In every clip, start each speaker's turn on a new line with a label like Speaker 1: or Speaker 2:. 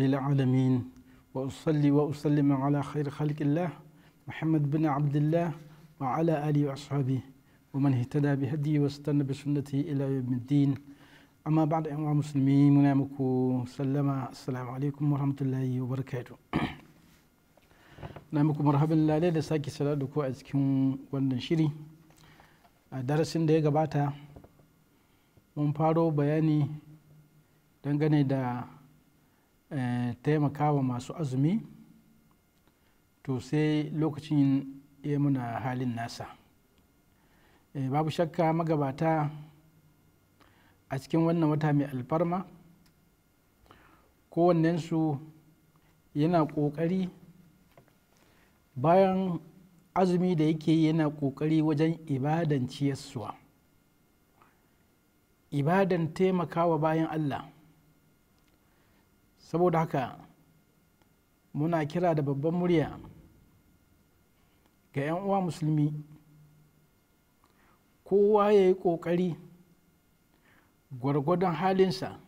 Speaker 1: رب العالمين وأصلي وأسلم على خير خلق الله محمد بن عبد الله وعلى آله وأصحابه ومن اهتدى بهديه واستنى بسنته إلى يوم الدين أما بعد أيها المسلمين منامكو سلم السلام عليكم ورحمة الله وبركاته na مرحبا marhaban lalai ساكي sake sada أزكم ku a cikin wannan من a darasin da ya da Eh, taimakawa masu azumi to sai lokacin ya muna halin nasa eh, babu shakka magabata a cikin wannan wata mai alfarma su yana ƙoƙari bayan azumi da yake yana ƙoƙari wajen ibadan ciyarsuwa ibadan taimakawa bayan allah saboda haka muna kira da babban murya ga 'yan uwa musulmi kowa ya yi ƙoƙari gwargwadon halinsa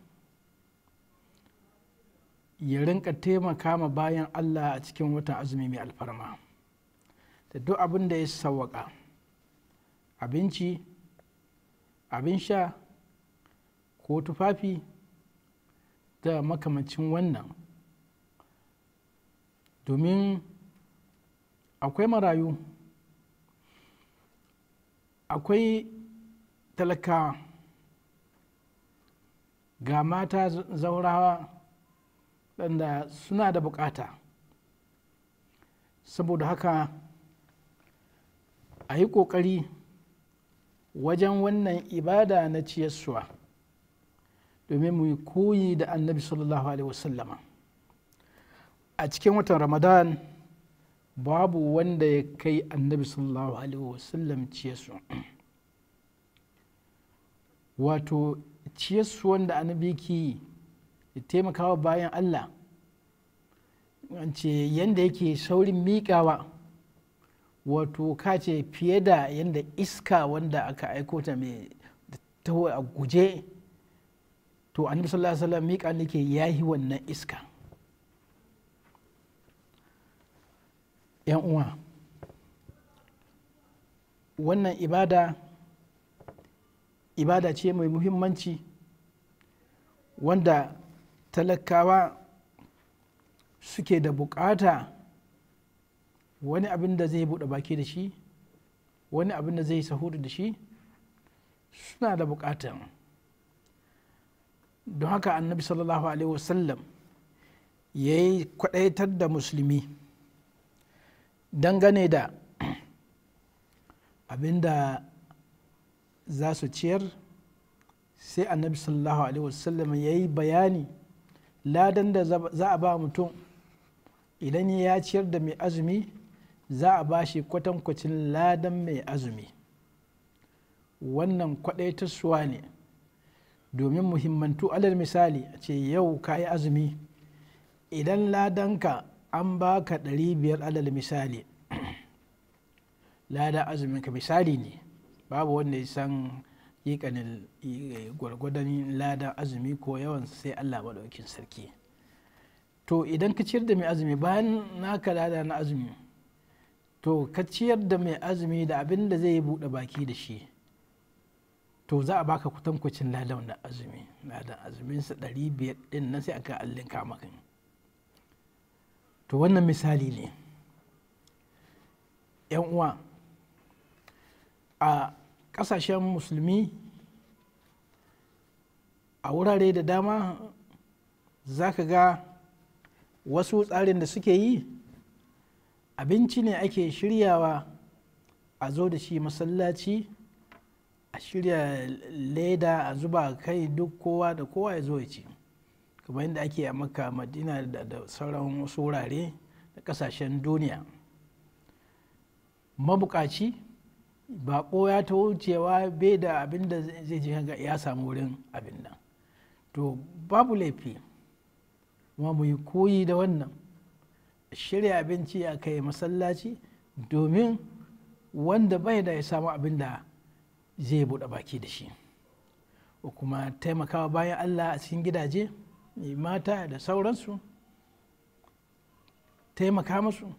Speaker 1: ya rinka taimaka ma bayan allah a cikin watan azumi mai alfarma da duk abin da ya sawaƙa abinci abin sha ko tufafi da makamancin wannan domin akwai marayu akwai talaka ga mata zaurawa ɗanda suna da bukata saboda haka a yi ƙoƙari wajen wannan ibada na ciyarsuwa. domin mu yi koyi da annabi sallallahu alaihi wasallama a cikin watan ramadan babu wanda ya kai annabi sallallahu alaihi wasallam ciyesu wato ciyesu wanda annabi ke ya taimakawa bayan allah ce yadda yake saurin miƙawa wato kace fiye da yadda iska wanda aka aiko ta mai tawo a guje to annabi sallallahu alaihi wasallam miƙa nake yi wannan iska yan uwa wannan ibada ibada ce mai muhimmanci wanda talakawa suke da bukata wani abin da zai buɗe baki da shi wani abin da zai sahudu da shi suna da bukatan don haka annabi sallallahu alaihi wasallam ya yi kwadaitar da musulmi dangane da abinda za su ciyar sai annabi sallallahu alaihi wasallam ya yi bayani ladan da za a ba mutum idan ya ciyar da mai azumi za a ba shi kwatankwacin ladan mai azumi wannan suwa ne domin muhimmantu alal misali a ce yau ka yi azumi idan ladanka an baka ɗari biyar alal misali lada azumin ka misali ne babu wanda ya san yiƙanin gwargwadon lada azumi ko yawan sai allah maɗaukin sarki to idan ka ciyar da mai azumi bayan naka lada na azumi to ka ciyar da mai azumi da abin da zai buɗe baki da shi to za a baka kutankucin ladan da azumi ladan azumin sa ɗari biyar ɗin nan sai aka allin maka to wannan misali ne yan uwa a ƙasashen musulmi a wurare da dama za ka ga wasu tsarin da suke yi abinci ne ake shiryawa a zo da shi masallaci a shirya leda a zuba kai duk kowa da kowa ya zo ya ci kamar yadda ake a maka madina da sauran wasu wurare da kasashen duniya mabukaci baƙo ya ta wucewa bai da abin da zai ji hanga ya samu wurin abin nan to babu laifi kuma mu yi koyi da wannan shirya abinci a kai masallaci domin wanda bai da ya samu abin da zai buɗe baki da shi ko kuma taimakawa bayan allah a cikin gidaje mata da sauransu taimaka musu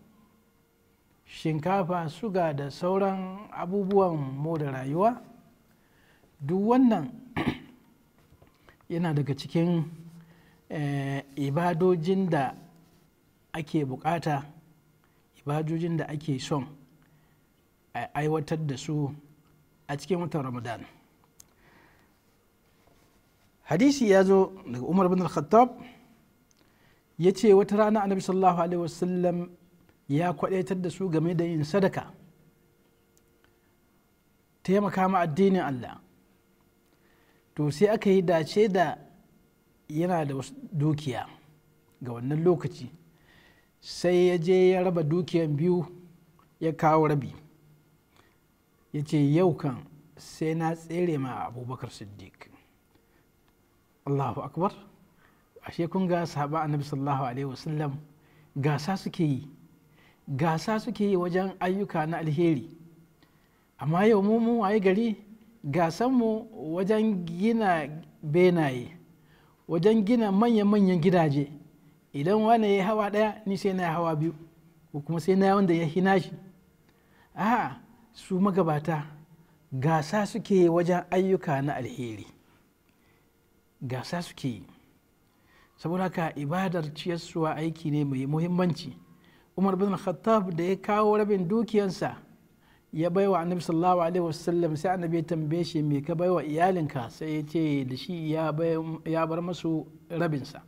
Speaker 1: shinkafa suga da sauran abubuwan more rayuwa duk wannan yana daga cikin eh, ibadojin da ake bukata ibadojin da ake son a aiwatar da su a cikin watan ramadan hadisi ya zo daga umar bin al-khattab ya ce wata rana annabi sallallahu alaihi wasallam ya kwadaitar da su game da yin sadaka taimaka ma addinin allah to sai aka yi dace da yana da wasu dukiya ga wannan lokaci sai ya je ya raba dukiyan biyu ya kawo rabi ya ce yau kan sai na tsere ma abubakar siddiq allahu akbar ashe kun ga a annabi sallallahu alaihi wasallam gasa suke yi gasa suke yi wajen ayyuka na alheri amma yau mu mu waye gari gasanmu wajen gina benaye wajen gina manya-manyan gidaje idan wane ya hawa ɗaya ni sai na hawa biyu ko kuma sai na wanda ya hina shi a'a su magabata gasa suke wajen ayyuka na alheri gasa suke yi saboda haka ibadar ciyarsuwa aiki ne mai muhimmanci umar bin khattab da ya kawo rabin dukiyansa ya bai wa annabi sallallahu alaihi wasallam sai annabi ya tambaye shi me ka bai wa iyalinka sai ya ce da shi ya bar masu rabinsa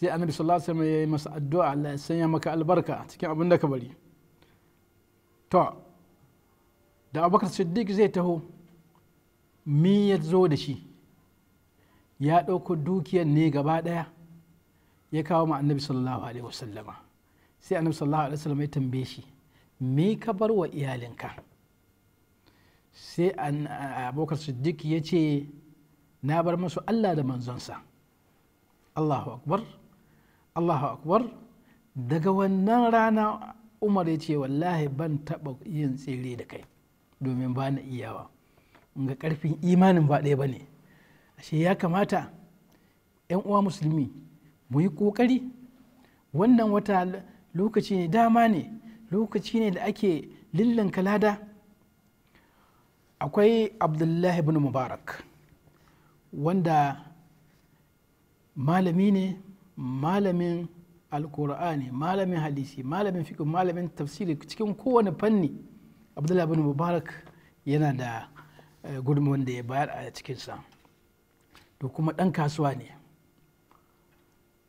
Speaker 1: sai annabi sallallahu alaihi wasallam ya yi masa addu'a Allah ya sanya maka albarka cikin abin da ka bari to da abubakar siddiq zai taho mi ya zo da shi ya ɗauko dukiyar ne gaba ɗaya ya kawo ma annabi sallallahu alaihi wasallama sai annabi sallallahu alaihi wasallama ya tambaye shi me ka bar wa iyalinka sai abubakar siddiq ya ce na bar masu allah da manzonsa allahu akbar allahu akbar daga wannan rana umar ya ce wallahi ban taɓa yin tsere da kai domin ba na iyawa ga karfin imanin ba ɗaya ba ne ashe ya kamata 'yan uwa musulmi mu yi ƙoƙari wannan wata lokaci ne dama ne lokaci ne da ake lillan kalada akwai abdullahi bin mubarak wanda malami ne malamin alkur'ani malamin hadisi malamin fikin malamin tafsiri cikin kowane fanni abdullahi bin mubarak yana da eh, gudunmawar da ya bayar a cikinsa to kuma ɗan kasuwa ne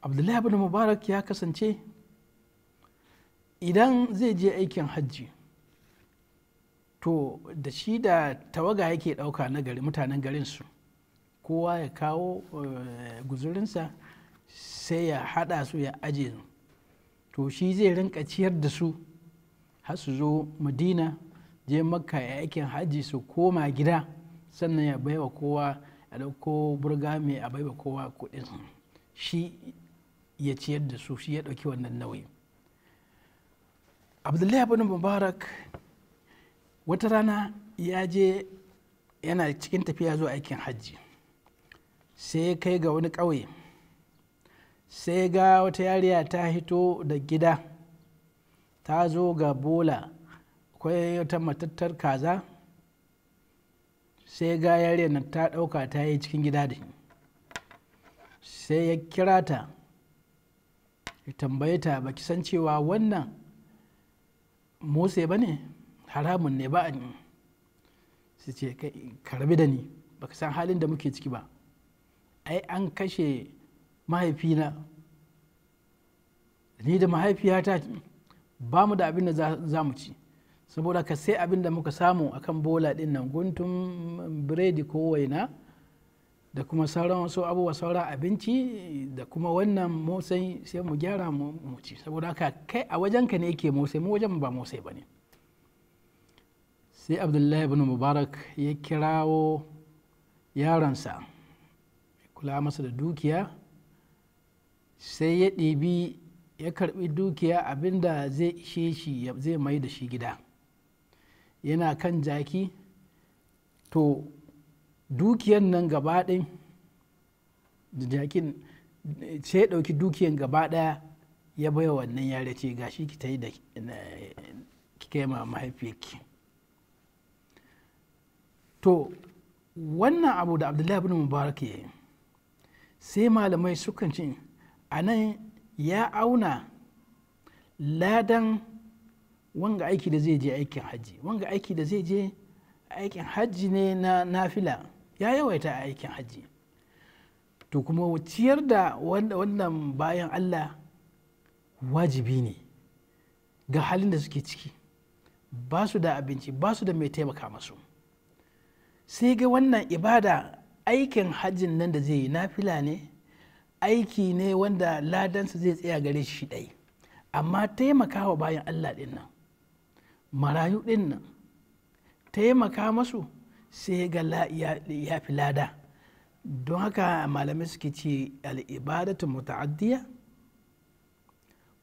Speaker 1: abdullahi bin mubarak ya kasance idan zai je aikin hajji to da shi da tawaga yake ɗauka na gari mutanen garinsu kowa ya kawo eh, guzurinsa sai ya haɗa su ya aje su to shi zai rinka ciyar da su har su zo madina je makka ya aikin hajji su koma gida sannan ya baiwa kowa a ɗauko burga mai a baiwa kowa kuɗin shi ya ciyar da su shi ya ɗauki wannan nauyi abdullahi ibn mubarak wata rana ya je yana cikin tafiya zuwa aikin hajji sai ya kai ga wani ƙauye sai ga wata yariya ta hito da gida ta zo ga bola akwai wata matattar kaza sai ga yariyar na ta ɗauka ta yi cikin gida da sai ya kira ta ya tambaye ta baki san cewa wannan Mose ba ne haramun ne ba a su ce karbi da ni baka san halin da muke ciki ba ai an kashe mahaifina ni da mahaifiyata ba mu da abin da za mu ci saboda ka sai abin da muka samu akan bola din nan guntun biredi ko waina da kuma sauran wasu abubuwa saura abinci da kuma wannan motsai sai mu gyara mu ci saboda haka kai a wajenka ne yake motsai mu wajen ba motsai ba ne sai abdullahi ibn mubarak ya kirawo yaransa kula masa da dukiya sai ya ɗibi ya karbi dukiya abinda zai ishe shi zai mai da shi gida yana kan jaki to dukiyan nan gabaɗin jakin sai ya ɗauki dukiyan gaba ɗaya ya baiwa wannan yare ce gashi ki ta yi da kai mahaifiyarki to wannan abu da abdullahi bin mubarak ya yi sai malamai sukan ce a nan ya auna ladan wanga aiki da zai je aikin hajji wanga aiki da zai je aikin hajji ne na nafila ya yawaita a aikin hajji to kuma ciyar da wannan bayan allah wajibi ne ga halin da suke ciki ba su da abinci ba su da mai taimaka masu sai ga wannan ibada aikin hajjin nan da zai yi nafila ne aiki ne wanda ladansa zai tsaya gare shi ɗai amma taimakawa bayan allah ɗin nan marayu ɗin nan taimaka masu sai ga ya fi lada don haka malamai suke ce al'ibadatu muta'addiya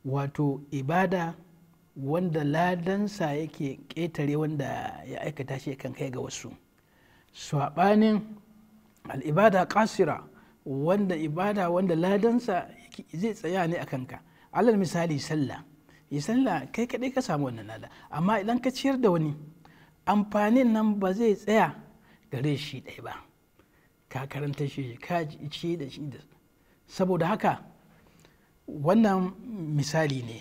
Speaker 1: wato ibada wanda ladansa yake ƙetare wanda ya aikata shi kan kai ga wasu saɓanin al'ibada ƙasira wanda ibada wanda ladansa zai tsaya ne a kanka alal misali sallah yi sallah kai kaɗai ka samu wannan lada amma idan ka ciyar da wani amfanin nan ba zai tsaya gare shi ɗaya ba ka karanta shi ka ci da shi da saboda haka wannan misali ne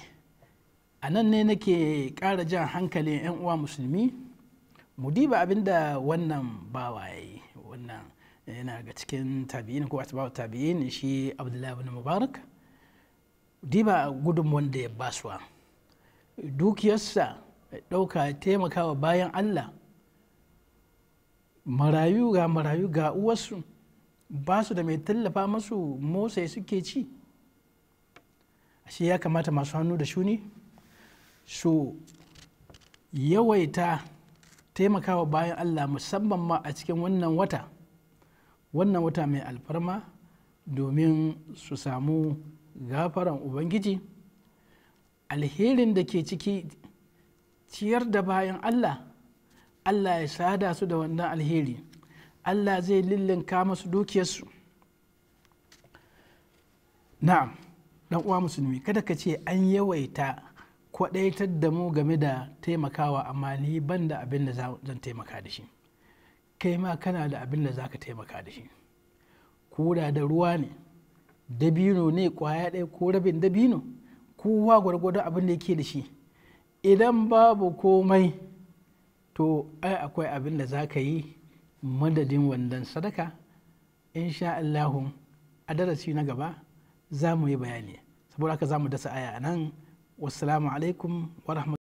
Speaker 1: a nan ne nake ƙara jan hankalin 'yan uwa musulmi mu diba abinda wannan bawa ya yi wannan yana ga cikin tabi'in ko atba'u tabi'in shi abdullahi ibn mubarak diba gudun wanda ya basuwa dukiyarsa ɗauka taimakawa bayan allah marayu ga marayu ga uwarsu ba su da mai tallafa masu motsa suke ci ashe ya kamata masu hannu da shuni su yawaita taimakawa bayan allah musamman ma a cikin wannan wata wannan wata mai alfarma domin su samu gafaran ubangiji alherin da ke ciki ciyar da bayan allah allah ya sada su da wannan alheri allah zai lillinka masu dukiyarsu na'am dan uwa musulmi kada ka ce an yawaita kwadaitar da mu game da taimakawa amma ni ban da abin da zan taimaka da shi kai ma kana da abin da za ka taimaka da shi koda da ruwa ne dabino ne kwaya ɗaya ko rabin dabino kowa gwargwado abin da yake da shi idan babu komai to ai akwai abin da za ka yi madadin wandan sadaka insha Allah a darasi na gaba za mu yi bayani saboda haka za mu dasa aya nan wasu alaikum wa